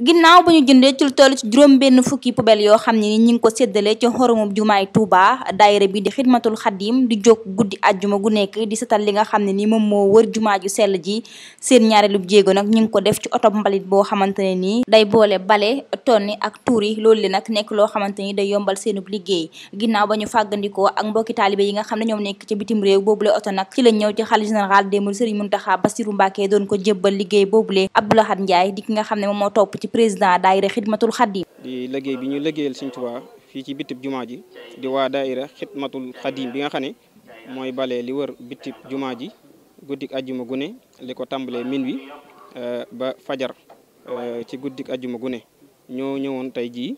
ginnaaw ba ñu jëndee ci lu toll ci juróom benn fukki poubelle yoo xam ne ni ñi ngi ko séddale ci xoromub jumaay Touba daayira bi di xidmatul xadim di jóg guddi ajjuma gu nekk di setal li nga xam ne ni moom moo wër jumaa ju sell ji seen ñaareelub jéego nag ñu ngi ko def ci oto mbalit boo xamante ne nii day boole bale tonni ak tuuri loolu li nag nekk loo xamante ni day yombal seenub liggéey ginnaaw ba ñu fàggandikoo ak mbokki taalibe yi nga xam ne ñoom nekk ci bitim réew boobule oto nag ci lañ ñëw ci xalifa général des mourides Serigne Mountakha Bassirou ko jébbal liggéey boobule Abdou Lahad xam ne moom moo topp président daayira xidmatul xaddim di liggéey bi ñu liggéeyal Sëñ Tuubaa fii ci bitib jumaa ji di waa daayira xidmatul xaddim bi nga xam ne mooy balee li wër bitib juma ji guddik ajuma gune li ko tàmbalee miin wi euh, ba fajar euh, ci guddik ajuma gune ñoo ñëwoon tey jii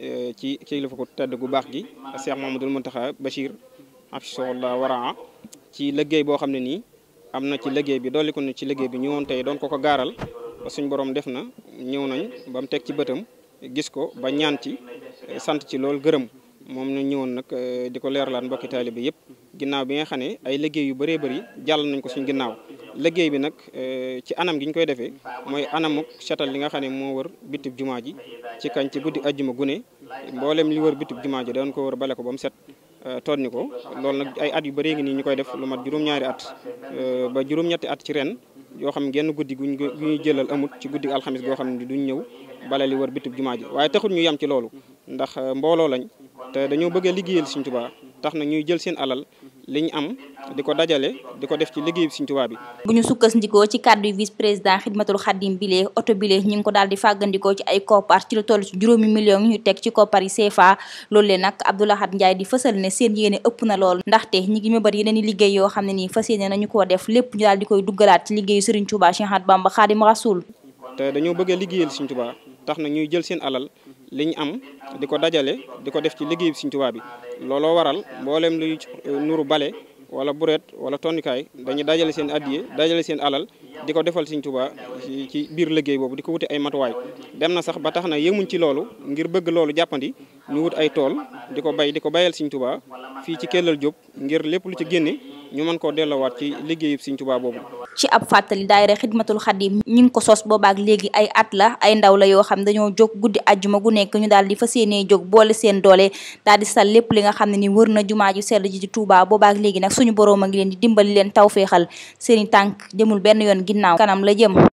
euh, ci kilifa ko tedd gu baax gi Cheikh Mamadou Mountakha Bachir afisowalla waraa ci liggéey boo xam ne nii am na ci liggéey bi dolli ko na ci liggéey bi ñëwoon tey doon ko ko gaaral ba suñ borom def na ñëw nañ ba mu teg ci bëtam gis ko ba ñaan ci sant ci loolu gërëm moom ñu ñëwoon nag eh, di ko leerlaan mbokki taalibe yëpp ginnaaw bi nga xam ne ay liggéey yu bëree bëri jàll nañ ko suñ ginnaaw liggéey bi nag eh, ci anam gi ñu koy defee mooy anamuk setal li nga xam ne moo wër bitib jumaa ji ci kañ ci guddi juma gune mboolem li wër bitib jumaa ji doon ko wër bale ko ba set eh, toon ni ko lool nag ay at yu bëree ngi nii ñu koy def lu mat juróom-ñaari at ba juróom at ci ren yoo xam ngenn guddi guñu ñuy jëlal amut ci guddi alxamis goo xam ne duñ ñëw bale li war bitub jumaa ji waaye taxul ñu yem ci loolu ndax mbooloo lañ te dañoo bëgg a liggéeyal Sëriñ Tuubaa tax na ñuy jël seen alal li ñu am di ko dajale di ko def ci liggéeyu Sëriñ Tuubaa bi. bu ñu sukk sukkandikoo ci kàddu vice président xidmatul xadim bile oto bile ñu ngi ko daal di fàggandikoo ci ay koppar ci lu toll ci juróomi million ñu teg ci koppar yi CFA loolu lee nag Abdou Lahad Ndiaye di fësal ne seen yéene ëpp na lool ndaxte ñi ngi mëbër yeneen i liggéey yoo xam ne nii fas yéene nañu koo def lépp ñu daal koy duggalaat ci liggéeyu Sëriñ Tuubaa Cheikh Ahmadou Bamba Xaadimu Rasuul te dañoo bëgg a liggéeyal Sëriñ na ñuy jël seen alal li ñu am di ko dajale di ko def ci liggéey Sëriñ Tuubaa bi looloo waral mboolem luy nuru bale wala bureet wala tonnukaay dañuy dajale seen addiye dajale seen alal di ko defal Sëriñ Tuubaa ci biir liggéey boobu di ko wuti ay matuwaay dem na sax ba tax na yemuñ ci loolu ngir bëgg loolu jàppandi ñu wut ay tool di ko bay di ko bayal Sëriñ Tuubaa fii ci Kellal Jóob ngir lépp lu ci génne ñu mën koo delloowaat ci liggéey Sëriñ Tuubaa boobu ci ab fàttali daayira xidmatul xadim ñi ngi ko sos boobaak léegi ay at la ay ndaw la yoo xam dañoo jóg guddi juma gu nekk ñu daal di fas yéenee jóg boole seen doole daal di sal lépp li nga xam ne ni wër na jumaa ju sell ji ci Touba boobaak léegi nag suñu boroom a ngi leen di dimbali leen tawféexal seeni tànk jëmul benn yoon ginnaaw kanam la jëm